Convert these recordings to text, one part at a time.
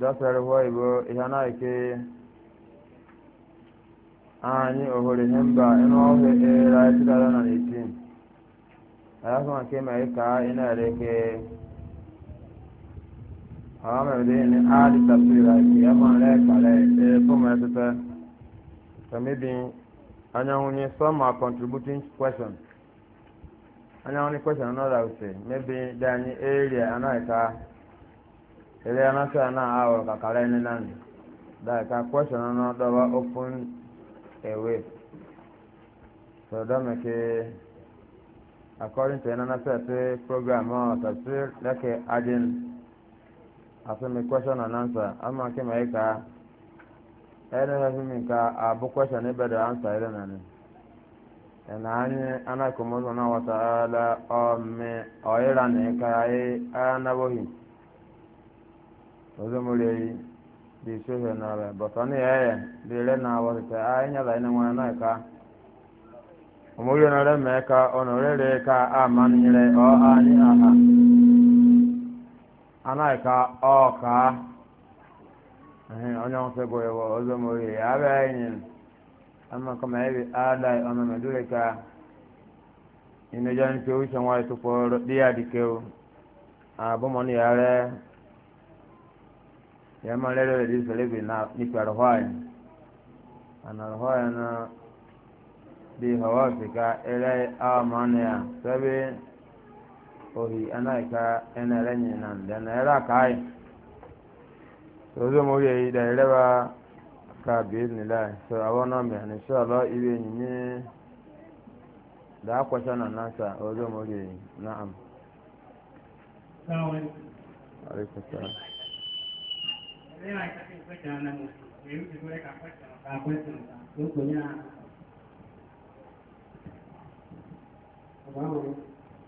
dasar hwa ibo ihe na ike anyị ohere ihe mba ịnụ ọhụrụ era tụtara na n'eti ya kuma ke mai ka ina da ke hawa mai da ni ali tafsira ki ya ma le kale e ko mai tata so maybe anya hunye some are contributing question anya hunye question another would say maybe dani area anaika ele yana so yana awol kakala ene nani da ka question no daba open away so da me ke according to yana so te program o ta se leke ajin aso me question and answer ama ke mai ka ene ha mi ka abu question e bedo answer ele nani ɛna anyi anakomodo e na wataala ɔmi ɔyira ne ka ye anabohi. ozomorei dị sohe n'ala bọtọ na ya ya dị ire na awọsịta a ịnyala e ịna nwa na e ka omori na ore mee ka ọ nọrere ka a nyere ọ anyị aha anaghị e ka ọ ka onye ọsọ bụ ewe ozomori ya abịa enyi amaka ma ebe adai ọnụ medụre ka ịnụjọ nke uche tupu ịtụkwọrọ di ya dikeo abụmọnụ ya ree yamma lero da dinsa lebe na nifar hawaii anar hawaii na bi hawa fika ere awa mana ya sabi ohi ana ika ena renyi nan da na era kai so zo mo yi e da ere ba ka bi ni la so awa na me ni so lo ibe ni ni da akwasha na nasa o zo mo yi e, na'am Assalamu Then I started question and then we used to do like a question of our questions. Look, yeah.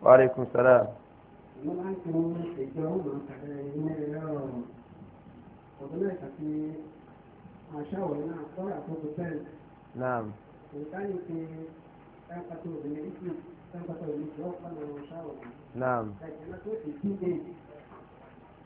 وعليكم السلام نعم نعم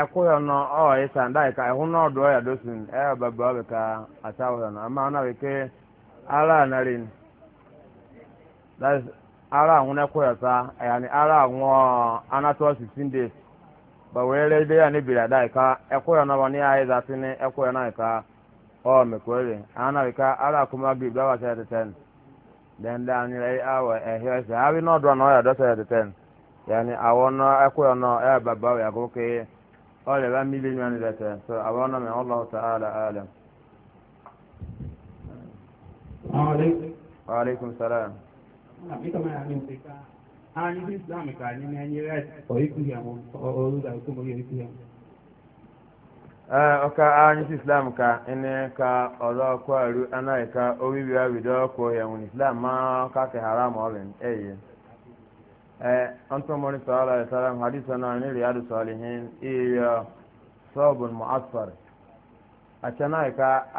ɛkoyɔ no ɔwɔ yi san ka ɛho no ɔdo do ɛyɛ ka ata no ama ɔna ara anarin that is ara ahun ɛkoyɔ sa ɛyani ara ahun ɔɔ sixteen days but wɔyɛ lɛ de yɛ ne bira da yi ka no wɔn ne ayɛ ka ana ara akoma bi bi awa sɛ then da anyere awɔ awi no ɔdo do sɛ yɛni awɔ no no ọrịa bá mi lẹ́yìn wani lẹ́tẹ̀ so mi ọlọ́wọ́ ta wa aleykum salaam. àbí kàmá yà ni òkè ká àwọn ibi islam kà ní ní ẹni rẹ ọ̀yíkú yà wọn anyị si islam ka ịnị ka ọzọ kwaru anaghị ka obibi abido kwuo ya islam ma ka ka haram ọlị antumori sallallahu alaihi wasallam hadisa na ni riyadu salihin iya sabon mu'asfar a cana